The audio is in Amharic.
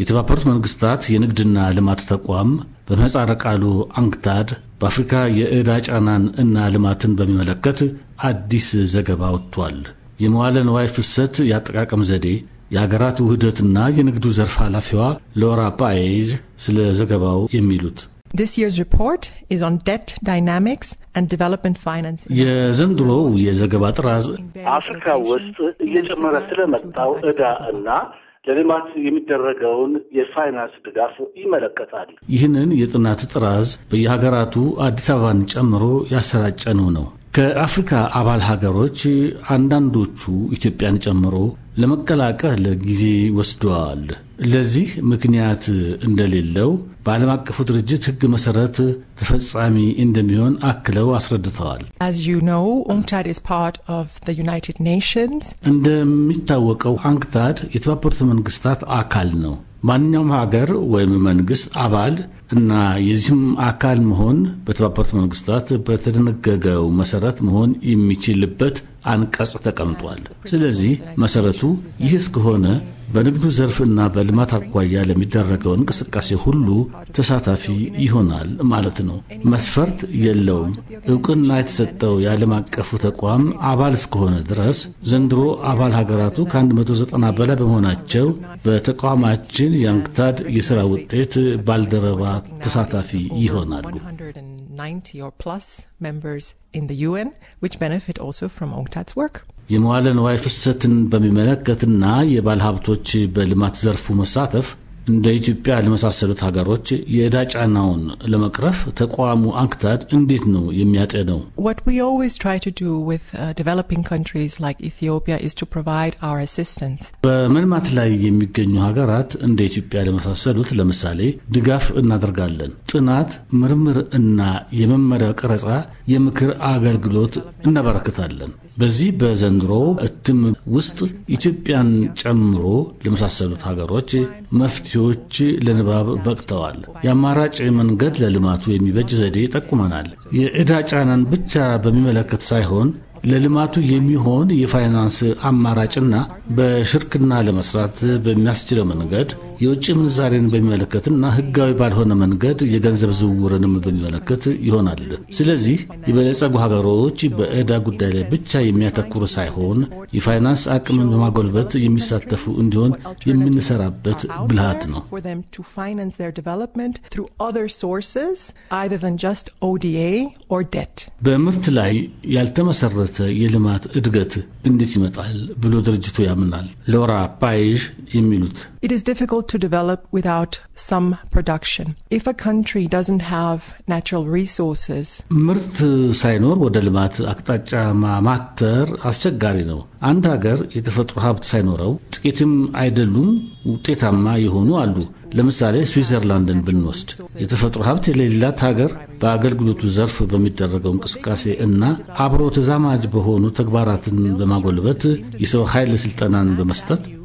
የተባበሩት መንግስታት የንግድና ልማት ተቋም በምህጻረ ቃሉ አንክታድ በአፍሪካ የዕዳ ጫናን እና ልማትን በሚመለከት አዲስ ዘገባ ወጥቷል። የመዋለ ንዋይ ፍሰት የአጠቃቀም ዘዴ የአገራት ውህደትና የንግዱ ዘርፍ ኃላፊዋ ሎራ ባኤዝ ስለ ዘገባው የሚሉት የዘንድሮው የዘገባ ጥራዝ አፍሪካ ውስጥ እየጨመረ ስለመጣው ዕዳ እና ለልማት የሚደረገውን የፋይናንስ ድጋፍ ይመለከታል። ይህንን የጥናት ጥራዝ በየሀገራቱ አዲስ አበባን ጨምሮ ያሰራጨነው ነው ከአፍሪካ አባል ሀገሮች አንዳንዶቹ ኢትዮጵያን ጨምሮ ለመቀላቀል ጊዜ ወስደዋል። ለዚህ ምክንያት እንደሌለው በዓለም አቀፉ ድርጅት ሕግ መሰረት ተፈጻሚ እንደሚሆን አክለው አስረድተዋል። እንደሚታወቀው አንክታድ የተባበሩት መንግስታት አካል ነው። ማንኛውም ሀገር ወይም መንግስት አባል እና የዚህም አካል መሆን በተባበሩት መንግስታት በተደነገገው መሰረት መሆን የሚችልበት አንቀጽ ተቀምጧል። ስለዚህ መሰረቱ ይህ እስከሆነ በንግዱ ዘርፍና በልማት አኳያ ለሚደረገው እንቅስቃሴ ሁሉ ተሳታፊ ይሆናል ማለት ነው። መስፈርት የለውም። እውቅና የተሰጠው የዓለም አቀፉ ተቋም አባል እስከሆነ ድረስ ዘንድሮ አባል ሀገራቱ ከ190 በላይ በመሆናቸው በተቋማችን የአንክታድ የሥራ ውጤት ባልደረባ ተሳታፊ ይሆናሉ። members in the UN, which benefit also from UNCTAD's work. የመዋለ ንዋይ ፍሰትን በሚመለከትና የባለሀብቶች በልማት ዘርፉ መሳተፍ እንደ ኢትዮጵያ ለመሳሰሉት ሀገሮች የዕዳ ጫናውን ለመቅረፍ ተቋሙ አንክታድ እንዴት ነው የሚያጤነው? በመልማት ላይ የሚገኙ ሀገራት እንደ ኢትዮጵያ ለመሳሰሉት ለምሳሌ ድጋፍ እናደርጋለን። ጥናት፣ ምርምር እና የመመሪያ ቀረጻ፣ የምክር አገልግሎት እናበረክታለን። በዚህ በዘንድሮ እትም ውስጥ ኢትዮጵያን ጨምሮ ለመሳሰሉት ሀገሮች መፍትሄ ፖሊሲዎች ለንባብ በቅተዋል። የአማራጭ መንገድ ለልማቱ የሚበጅ ዘዴ ይጠቁመናል። የዕዳ ጫናን ብቻ በሚመለከት ሳይሆን ለልማቱ የሚሆን የፋይናንስ አማራጭና በሽርክና ለመስራት በሚያስችለው መንገድ የውጭ ምንዛሬን በሚመለከትና ህጋዊ ባልሆነ መንገድ የገንዘብ ዝውውርንም በሚመለከት ይሆናል። ስለዚህ የበለጸጉ ሀገሮች በዕዳ ጉዳይ ላይ ብቻ የሚያተኩሩ ሳይሆን የፋይናንስ አቅምን በማጎልበት የሚሳተፉ እንዲሆን የምንሰራበት ብልሃት ነው። በምርት ላይ ያልተመሰረተ የልማት እድገት እንዴት ይመጣል ብሎ ድርጅቱ ያምናል። ሎራ ፓይዥ የሚሉት to develop without some production. If a country doesn't have natural resources, ምርት ሳይኖር ወደ ልማት አቅጣጫ ማማተር አስቸጋሪ ነው። አንድ ሀገር የተፈጥሮ ሀብት ሳይኖረው ጥቂትም አይደሉም ውጤታማ የሆኑ አሉ። ለምሳሌ ስዊዘርላንድን ብንወስድ የተፈጥሮ ሀብት የሌላት ሀገር በአገልግሎቱ ዘርፍ በሚደረገው እንቅስቃሴ እና አብሮ ተዛማጅ በሆኑ ተግባራትን በማጎልበት የሰው ኃይል ስልጠናን በመስጠት